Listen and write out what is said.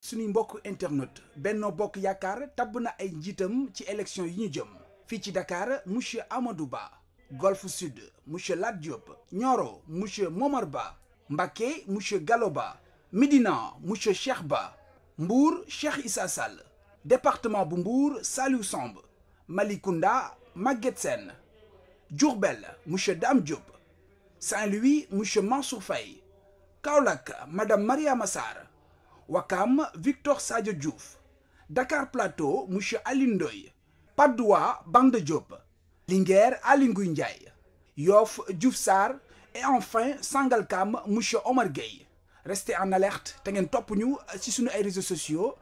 suñu mbokk internet Benno Bok Yakar Tabuna E ay Ti ci élection yi ñu jëm Dakar monsieur Amadou Golf Sud monsieur Lat Diop Mouche Momarba Mbake Ba Galoba monsieur Mouche medina Mbour Cheikh Issa département bu Mbour Malikunda, Samb Malikunda Mouche Djourbel Dame Saint-Louis monsieur Mansour Faye madame Maria Massar Wakam Victor Sadio Diouf Dakar Plateau Mouche Alindoy, Padoua, Bang de Job, Diop Linguère Diouf et enfin Sangalkam Mouche Omar Gueye restez en alerte tenez top nous sur ci réseaux sociaux